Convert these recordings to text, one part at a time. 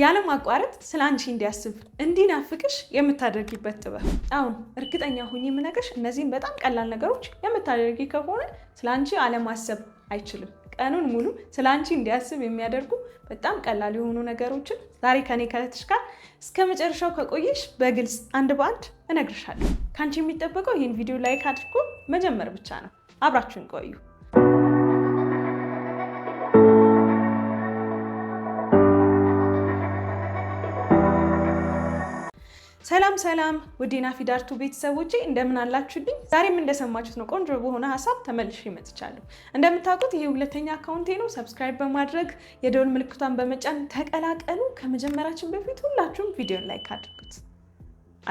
ያለማቋረጥ ስለ አንቺ እንዲያስብ እንዲናፍቅሽ የምታደርጊበት ጥበብ። አሁን እርግጠኛ ሁኝ የምነግርሽ እነዚህን በጣም ቀላል ነገሮች የምታደርጊ ከሆነ ስለ አንቺ አለማሰብ አይችልም። ቀኑን ሙሉ ስለ አንቺ እንዲያስብ የሚያደርጉ በጣም ቀላል የሆኑ ነገሮችን ዛሬ ከኔ ከእህትሽ ጋር እስከ መጨረሻው ከቆየሽ በግልጽ አንድ በአንድ እነግርሻለሁ። ከአንቺ የሚጠበቀው ይህን ቪዲዮ ላይክ አድርጎ መጀመር ብቻ ነው። አብራችሁን ቆዩ። ሰላም ሰላም ውዴና ፊዳርቱ ቤተሰቦቼ እንደምን አላችሁልኝ? ዛሬም እንደሰማችሁት ነው ቆንጆ በሆነ ሀሳብ ተመልሼ መጥቻለሁ። እንደምታውቁት ይሄ ሁለተኛ አካውንቴ ነው። ሰብስክራይብ በማድረግ የደውል ምልክቷን በመጫን ተቀላቀሉ። ከመጀመራችን በፊት ሁላችሁም ቪዲዮን ላይክ አድርጉት።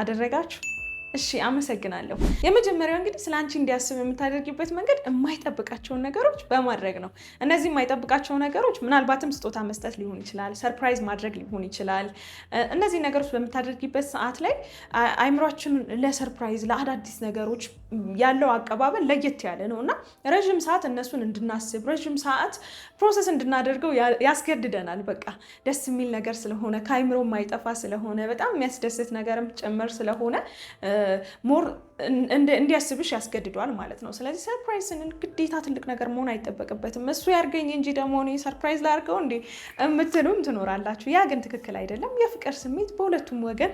አደረጋችሁ? እሺ አመሰግናለሁ። የመጀመሪያው እንግዲህ ስለ አንቺ እንዲያስብ የምታደርጊበት መንገድ የማይጠብቃቸውን ነገሮች በማድረግ ነው። እነዚህ የማይጠብቃቸው ነገሮች ምናልባትም ስጦታ መስጠት ሊሆን ይችላል፣ ሰርፕራይዝ ማድረግ ሊሆን ይችላል። እነዚህ ነገሮች በምታደርጊበት ሰዓት ላይ አይምሯችን ለሰርፕራይዝ ለአዳዲስ ነገሮች ያለው አቀባበል ለየት ያለ ነው እና ረዥም ሰዓት እነሱን እንድናስብ ረዥም ሰዓት ፕሮሰስ እንድናደርገው ያስገድደናል። በቃ ደስ የሚል ነገር ስለሆነ ከአይምሮ የማይጠፋ ስለሆነ በጣም የሚያስደስት ነገርም ጭምር ስለሆነ more እንዲያስብሽ ያስገድዷል ማለት ነው። ስለዚህ ሰርፕራይዝ ን ግዴታ ትልቅ ነገር መሆን አይጠበቅበትም። እሱ ያርገኝ እንጂ ደግሞ እኔ ሰርፕራይዝ ላርገው እንዴ የምትሉም ትኖራላችሁ። ያ ግን ትክክል አይደለም። የፍቅር ስሜት በሁለቱም ወገን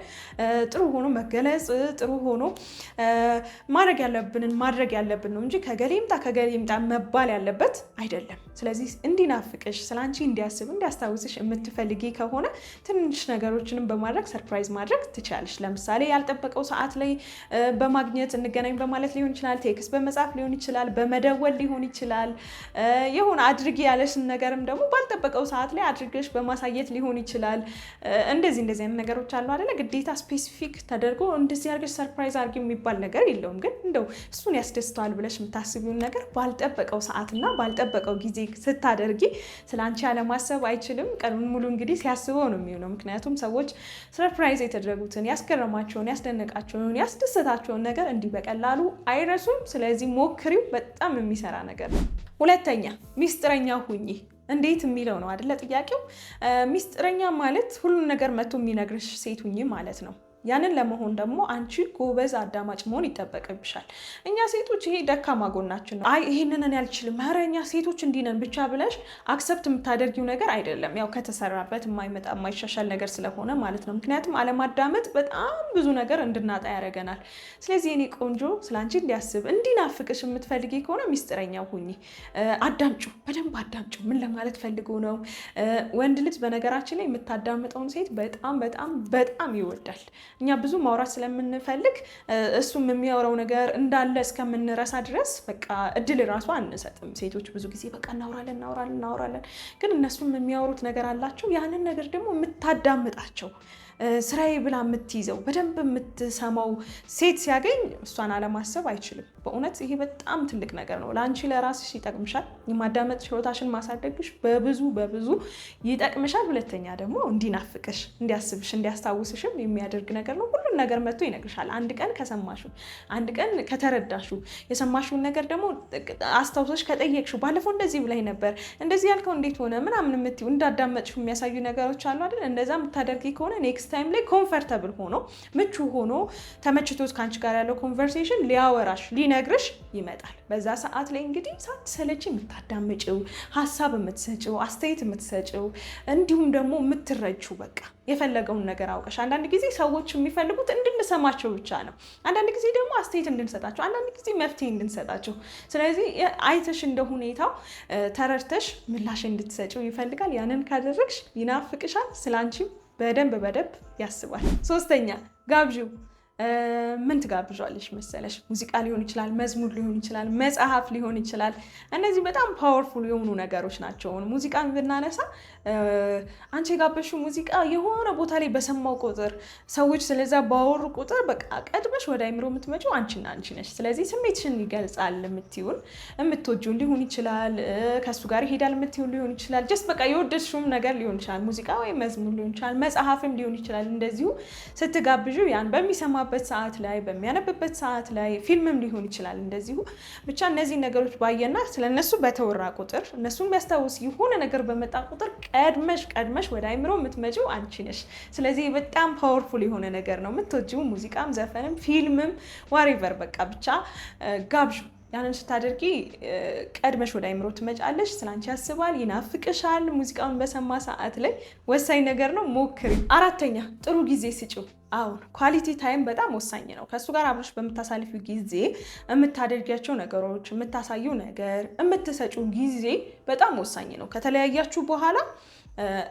ጥሩ ሆኖ መገለጽ፣ ጥሩ ሆኖ ማድረግ ያለብንን ማድረግ ያለብን ነው እንጂ ከገሌ ይምጣ ከገሌ ይምጣ መባል ያለበት አይደለም። ስለዚህ እንዲናፍቅሽ፣ ስለአንቺ እንዲያስብ፣ እንዲያስታውስሽ የምትፈልጊ ከሆነ ትንሽ ነገሮችንም በማድረግ ሰርፕራይዝ ማድረግ ትችላለሽ። ለምሳሌ ያልጠበቀው ሰዓት ላይ በማግኘት በማግኘት እንገናኝ በማለት ሊሆን ይችላል፣ ቴክስት በመጻፍ ሊሆን ይችላል፣ በመደወል ሊሆን ይችላል። የሆነ አድርጊ ያለሽን ነገርም ደግሞ ባልጠበቀው ሰዓት ላይ አድርገሽ በማሳየት ሊሆን ይችላል። እንደዚህ እንደዚህ አይነት ነገሮች አሉ አይደለ? ግዴታ ስፔሲፊክ ተደርጎ እንደዚህ አድርገሽ ሰርፕራይዝ አድርጊ የሚባል ነገር የለውም። ግን እንደው እሱን ያስደስተዋል ብለሽ የምታስቢውን ነገር ባልጠበቀው ሰዓትና ባልጠበቀው ጊዜ ስታደርጊ ስለ አንቺ ያለማሰብ አይችልም። ቀኑን ሙሉ እንግዲህ ሲያስበው ነው የሚሆነው። ምክንያቱም ሰዎች ሰርፕራይዝ የተደረጉትን ያስገረማቸውን፣ ያስደነቃቸውን፣ ያስደሰታቸውን ነገር ነገር እንዲህ በቀላሉ አይረሱም። ስለዚህ ሞክሪው፣ በጣም የሚሰራ ነገር ነው። ሁለተኛ ሚስጥረኛ ሁኚ። እንዴት የሚለው ነው አደለ ጥያቄው። ሚስጥረኛ ማለት ሁሉን ነገር መቶ የሚነግርሽ ሴት ሁኚ ማለት ነው። ያንን ለመሆን ደግሞ አንቺ ጎበዝ አዳማጭ መሆን ይጠበቅብሻል። እኛ ሴቶች ይሄ ደካማ ጎናችን ነው። አይ ይሄንን አልችልም፣ ኧረ እኛ ሴቶች እንዲነን ብቻ ብለሽ አክሰፕት የምታደርጊው ነገር አይደለም። ያው ከተሰራበት የማይመጣ የማይሻሻል ነገር ስለሆነ ማለት ነው። ምክንያቱም አለማዳመጥ በጣም ብዙ ነገር እንድናጣ ያደርገናል። ስለዚህ እኔ ቆንጆ አንቺ እንዲያስብ እንዲናፍቅሽ የምትፈልጊ ከሆነ ሚስጥረኛው ሁኚ። አዳምጩ፣ በደንብ አዳምጩ። ምን ለማለት ፈልጎ ነው? ወንድ ልጅ በነገራችን ላይ የምታዳምጠውን ሴት በጣም በጣም በጣም ይወዳል። እኛ ብዙ ማውራት ስለምንፈልግ እሱም የሚያወራው ነገር እንዳለ እስከምንረሳ ድረስ በቃ እድል ራሱ አንሰጥም። ሴቶች ብዙ ጊዜ በቃ እናውራለን እናውራለን እናውራለን፣ ግን እነሱም የሚያወሩት ነገር አላቸው። ያንን ነገር ደግሞ የምታዳምጣቸው ስራዬ ብላ የምትይዘው በደንብ የምትሰማው ሴት ሲያገኝ እሷን አለማሰብ አይችልም። በእውነት ይሄ በጣም ትልቅ ነገር ነው። ለአንቺ ለራስሽ ይጠቅምሻል። የማዳመጥ ችሎታሽን ማሳደግሽ በብዙ በብዙ ይጠቅምሻል። ሁለተኛ ደግሞ እንዲናፍቅሽ፣ እንዲያስብሽ፣ እንዲያስታውስሽም የሚያደርግ ነገር ነው። ሁሉን ነገር መጥቶ ይነግርሻል። አንድ ቀን ከሰማሹ፣ አንድ ቀን ከተረዳሹ፣ የሰማሹን ነገር ደግሞ አስታውሶች ከጠየቅሽው፣ ባለፈው እንደዚህ ብላይ ነበር፣ እንደዚህ ያልከው እንዴት ሆነ ምናምን የምትይው እንዳዳመጥሽው የሚያሳዩ ነገሮች አሉ አይደል? እንደዛ የምታደርጊ ከሆነ ኔክስት ታይም ላይ ኮምፈርተብል ሆኖ ምቹ ሆኖ ተመችቶት ከአንቺ ጋር ያለው ኮንቨርሴሽን ሊያወራሽ ሊነ ሊነግርሽ ይመጣል። በዛ ሰዓት ላይ እንግዲህ ሳትሰለች የምታዳምጭው ሀሳብ የምትሰጭው አስተያየት የምትሰጭው እንዲሁም ደግሞ የምትረጁው በቃ የፈለገውን ነገር አውቀሽ። አንዳንድ ጊዜ ሰዎች የሚፈልጉት እንድንሰማቸው ብቻ ነው። አንዳንድ ጊዜ ደግሞ አስተያየት እንድንሰጣቸው፣ አንዳንድ ጊዜ መፍትሄ እንድንሰጣቸው። ስለዚህ አይተሽ እንደ ሁኔታው ተረድተሽ ምላሽ እንድትሰጭው ይፈልጋል። ያንን ካደረግሽ ይናፍቅሻል። ስለ አንቺም በደንብ በደንብ ያስባል። ሶስተኛ ጋብዥው ምን ትጋብዣለሽ መሰለሽ? ሙዚቃ ሊሆን ይችላል፣ መዝሙር ሊሆን ይችላል፣ መጽሐፍ ሊሆን ይችላል። እነዚህ በጣም ፓወርፉል የሆኑ ነገሮች ናቸው። ሙዚቃን ብናነሳ አንቺ የጋበሽው ሙዚቃ የሆነ ቦታ ላይ በሰማው ቁጥር፣ ሰዎች ስለዛ ባወሩ ቁጥር በቃ ቀድመሽ ወደ አይምሮ የምትመጪው አንቺና አንቺ ነሽ። ስለዚህ ስሜትሽን ይገልጻል የምትሆን የምትወጂውን ሊሆን ይችላል፣ ከእሱ ጋር ይሄዳል የምትሆን ሊሆን ይችላል፣ ጀስት በቃ የወደድሽውም ነገር ሊሆን ይችላል፣ ሙዚቃ ወይም መዝሙር ሊሆን ይችላል፣ መጽሐፍም ሊሆን ይችላል። እንደዚሁ ስትጋብዥው ያን በሚሰማ በሚሰማበት ሰዓት ላይ በሚያነብበት ሰዓት ላይ ፊልምም ሊሆን ይችላል። እንደዚሁ ብቻ እነዚህ ነገሮች ባየና ስለነሱ በተወራ ቁጥር እነሱ የሚያስታውስ የሆነ ነገር በመጣ ቁጥር ቀድመሽ ቀድመሽ ወደ አይምሮ የምትመጪው አንቺ ነሽ። ስለዚህ በጣም ፓወርፉል የሆነ ነገር ነው። የምትወጂው ሙዚቃም፣ ዘፈንም፣ ፊልምም ዋሪቨር በቃ ብቻ ጋብዥ ያንን ስታደርጊ ቀድመሽ ወደ አይምሮ ትመጫለሽ። ስላንቺ ያስባል፣ ይናፍቅሻል። ሙዚቃውን በሰማ ሰዓት ላይ ወሳኝ ነገር ነው። ሞክሪ። አራተኛ ጥሩ ጊዜ ስጪው። አሁን ኳሊቲ ታይም በጣም ወሳኝ ነው። ከእሱ ጋር አብረሽ በምታሳልፊው ጊዜ የምታደርጊያቸው ነገሮች፣ የምታሳየው ነገር፣ የምትሰጪው ጊዜ በጣም ወሳኝ ነው። ከተለያያችሁ በኋላ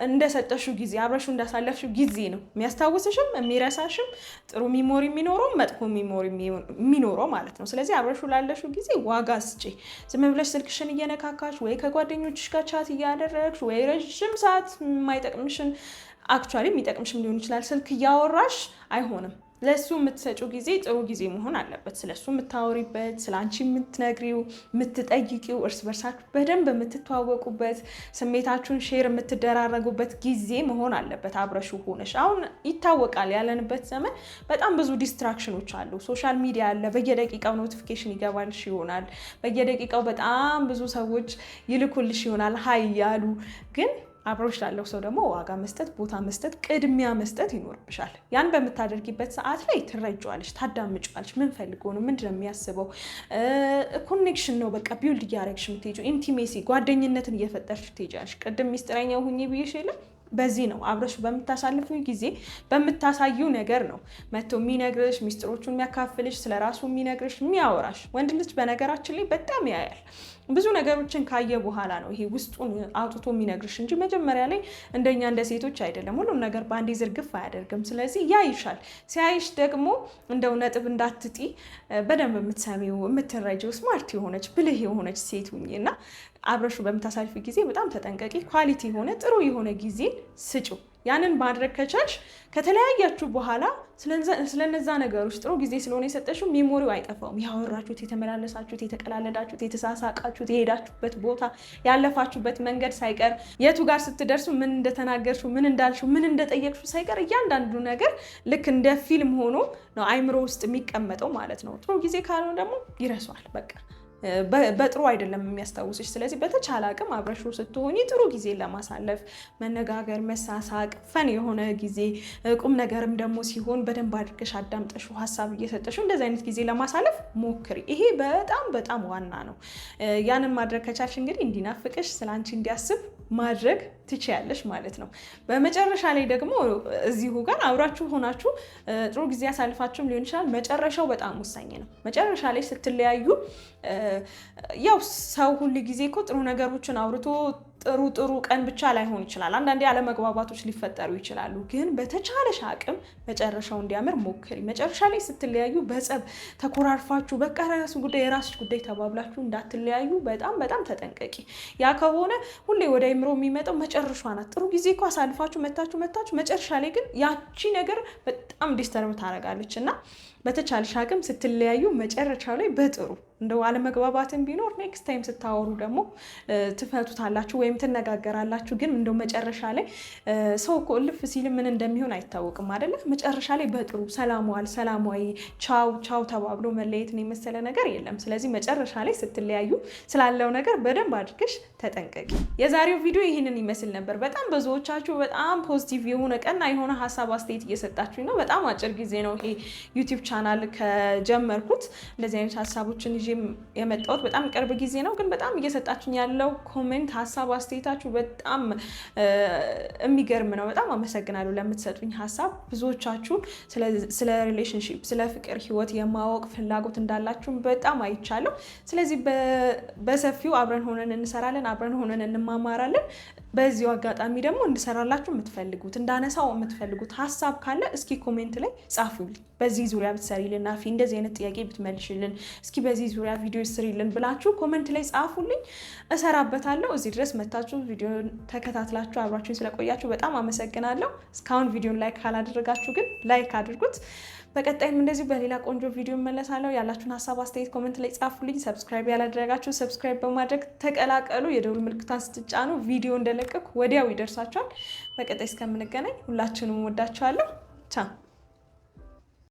እንደሰጠሽው ጊዜ አብረሹ እንዳሳለፍሽው ጊዜ ነው የሚያስታውስሽም የሚረሳሽም ጥሩ ሚሞሪ የሚኖረው መጥፎ ሚሞሪ የሚኖረው ማለት ነው። ስለዚህ አብረሹ ላለሽው ጊዜ ዋጋ ስጪ። ዝም ብለሽ ስልክሽን እየነካካሽ ወይ ከጓደኞችሽ ጋር ቻት እያደረግሽ ወይ ረዥም ሰዓት የማይጠቅምሽን አክቹዋሊ የሚጠቅምሽም ሊሆን ይችላል ስልክ እያወራሽ አይሆንም። ለእሱ የምትሰጪው ጊዜ ጥሩ ጊዜ መሆን አለበት። ስለሱ የምታወሪበት፣ ስለ አንቺ የምትነግሪው፣ የምትጠይቂው፣ እርስ በርሳችሁ በደንብ የምትተዋወቁበት፣ ስሜታችሁን ሼር የምትደራረጉበት ጊዜ መሆን አለበት አብረሹ ሆነሽ። አሁን ይታወቃል ያለንበት ዘመን በጣም ብዙ ዲስትራክሽኖች አሉ። ሶሻል ሚዲያ አለ፣ በየደቂቃው ኖቲፊኬሽን ይገባልሽ ይሆናል። በየደቂቃው በጣም ብዙ ሰዎች ይልኩልሽ ይሆናል ሀይ ያሉ ግን አብሮች ላለው ሰው ደግሞ ዋጋ መስጠት፣ ቦታ መስጠት፣ ቅድሚያ መስጠት ይኖርብሻል። ያን በምታደርጊበት ሰዓት ላይ ትረጃዋለች፣ ታዳምጫዋለች። ምን ፈልጎ ነው? ምንድነው የሚያስበው? ኮኔክሽን ነው በቃ ቢውልድ እያደረግሽ የምትሄጂው፣ ኢንቲሜሲ ጓደኝነትን እየፈጠርሽ ትሄጃለሽ። ቅድም ሚስጥረኛ ሁኜ ብዬሽ የለም በዚህ ነው አብረሽ በምታሳልፊው ጊዜ በምታሳዩ ነገር ነው መቶ የሚነግርሽ ሚስጥሮቹን የሚያካፍልሽ ስለራሱ የሚነግርሽ የሚያወራሽ። ወንድ ልጅ በነገራችን ላይ በጣም ያያል። ብዙ ነገሮችን ካየ በኋላ ነው ይሄ ውስጡን አውጥቶ የሚነግርሽ እንጂ መጀመሪያ ላይ እንደኛ እንደ ሴቶች አይደለም። ሁሉም ነገር በአንዴ ዝርግፍ አያደርግም። ስለዚህ ያይሻል። ሲያይሽ ደግሞ እንደው ነጥብ እንዳትጢ በደንብ የምትሰሚው የምትረጂው፣ ስማርት የሆነች ብልህ የሆነች ሴት ሁኚ እና አብረሹ በምታሳልፊ ጊዜ በጣም ተጠንቀቂ። ኳሊቲ የሆነ ጥሩ የሆነ ጊዜ ስጪው። ያንን ማድረግ ከቻልሽ ከተለያያችሁ በኋላ ስለነዛ ነገሮች ጥሩ ጊዜ ስለሆነ የሰጠሽው ሜሞሪው አይጠፋውም። ያወራችሁት፣ የተመላለሳችሁት፣ የተቀላለዳችሁት፣ የተሳሳቃችሁት፣ የሄዳችሁበት ቦታ፣ ያለፋችሁበት መንገድ ሳይቀር የቱ ጋር ስትደርሱ ምን እንደተናገርሽው፣ ምን እንዳልሽው፣ ምን እንደጠየቅሽው ሳይቀር እያንዳንዱ ነገር ልክ እንደ ፊልም ሆኖ ነው አይምሮ ውስጥ የሚቀመጠው ማለት ነው። ጥሩ ጊዜ ካልሆነ ደግሞ ይረሷል በቃ በጥሩ አይደለም የሚያስታውስሽ። ስለዚህ በተቻለ አቅም አብረሹ ስትሆኝ ጥሩ ጊዜ ለማሳለፍ መነጋገር፣ መሳሳቅ፣ ፈን የሆነ ጊዜ ቁም ነገርም ደግሞ ሲሆን በደንብ አድርገሽ አዳምጠሹ ሀሳብ እየሰጠሹ እንደዚ አይነት ጊዜ ለማሳለፍ ሞክሪ። ይሄ በጣም በጣም ዋና ነው። ያንን ማድረግ ከቻልሽ እንግዲህ እንዲናፍቅሽ ስለ አንቺ እንዲያስብ ማድረግ ትችያለሽ ማለት ነው። በመጨረሻ ላይ ደግሞ እዚሁ ጋር አብራችሁ ሆናችሁ ጥሩ ጊዜ ያሳልፋችሁም ሊሆን ይችላል። መጨረሻው በጣም ወሳኝ ነው። መጨረሻ ላይ ስትለያዩ ያው ሰው ሁል ጊዜ እኮ ጥሩ ነገሮችን አውርቶ ጥሩ ጥሩ ቀን ብቻ ላይሆን ይችላል። አንዳንዴ አለመግባባቶች ሊፈጠሩ ይችላሉ። ግን በተቻለሽ አቅም መጨረሻው እንዲያምር ሞክሪ። መጨረሻ ላይ ስትለያዩ በጸብ ተኮራርፋችሁ በቃ ራሱ ጉዳይ የራስሽ ጉዳይ ተባብላችሁ እንዳትለያዩ በጣም በጣም ተጠንቀቂ። ያ ከሆነ ሁሌ ወደ አይምሮ የሚመጣው መጨረሻ ናት። ጥሩ ጊዜ እኮ አሳልፋችሁ መታችሁ መታችሁ መጨረሻ ላይ ግን ያቺ ነገር በጣም ዲስተርብ ታደርጋለች እና በተቻለሽ አቅም ስትለያዩ መጨረሻው ላይ በጥሩ እንደው አለመግባባትን ቢኖር ኔክስት ታይም ስታወሩ ደግሞ ትፈቱታላችሁ ወይም ትነጋገራላችሁ። ግን እንደው መጨረሻ ላይ ሰው እኮ እልፍ ሲል ምን እንደሚሆን አይታወቅም አይደለ? መጨረሻ ላይ በጥሩ ሰላሟል ሰላማዊ ቻው ቻው ተባብሎ ነው የመሰለ ነገር የለም። ስለዚህ መጨረሻ ላይ ስትለያዩ ስላለው ነገር በደንብ አድርገሽ ተጠንቀቂ። የዛሬው ቪዲዮ ይህንን ይመስል ነበር። በጣም ብዙዎቻችሁ በጣም ፖዚቲቭ የሆነ ቀና የሆነ ሀሳብ አስተያየት እየሰጣችሁኝ ነው። በጣም አጭር ጊዜ ነው ይሄ ዩቲዩብ ቻናል ከጀመርኩት እንደዚህ አይነት ሀሳቦችን ይዤ የመጣሁት በጣም ቅርብ ጊዜ ነው፣ ግን በጣም እየሰጣችሁኝ ያለው ኮሜንት፣ ሀሳብ፣ አስተያየታችሁ በጣም የሚገርም ነው። በጣም አመሰግናለሁ ለምትሰጡኝ ሀሳብ። ብዙዎቻችሁ ስለ ሪሌሽንሽፕ፣ ስለ ፍቅር ህይወት የማወቅ ፍላጎት እንዳላችሁም በጣም አይቻለሁ። ስለዚህ በሰፊው አብረን ሆነን እንሰራለን፣ አብረን ሆነን እንማማራለን። በዚሁ አጋጣሚ ደግሞ እንድሰራላችሁ የምትፈልጉት እንዳነሳው የምትፈልጉት ሀሳብ ካለ እስኪ ኮሜንት ላይ ጻፉልኝ። በዚህ ዙሪያ ብትሰሪልን ናፊ፣ እንደዚህ አይነት ጥያቄ ብትመልሽልን፣ እስኪ በዚህ ዙሪያ ቪዲዮ ስሪልን ብላችሁ ኮመንት ላይ ጻፉልኝ፣ እሰራበታለሁ። እዚህ ድረስ መታችሁ ቪዲዮ ተከታትላችሁ አብራችሁን ስለቆያችሁ በጣም አመሰግናለሁ። እስካሁን ቪዲዮን ላይክ ካላደረጋችሁ ግን ላይክ አድርጉት። በቀጣይም እንደዚሁ በሌላ ቆንጆ ቪዲዮ እመለሳለሁ። ያላችሁን ሀሳብ አስተያየት ኮመንት ላይ ጻፉልኝ። ሰብስክራይብ ያላደረጋችሁ ሰብስክራይብ በማድረግ ተቀላቀሉ። የደውል ምልክቷን ስትጫኑ ቪዲዮ እንደለቀኩ ወዲያው ይደርሳችኋል። በቀጣይ እስከምንገናኝ ሁላችሁንም ወዳችኋለሁ። ቻው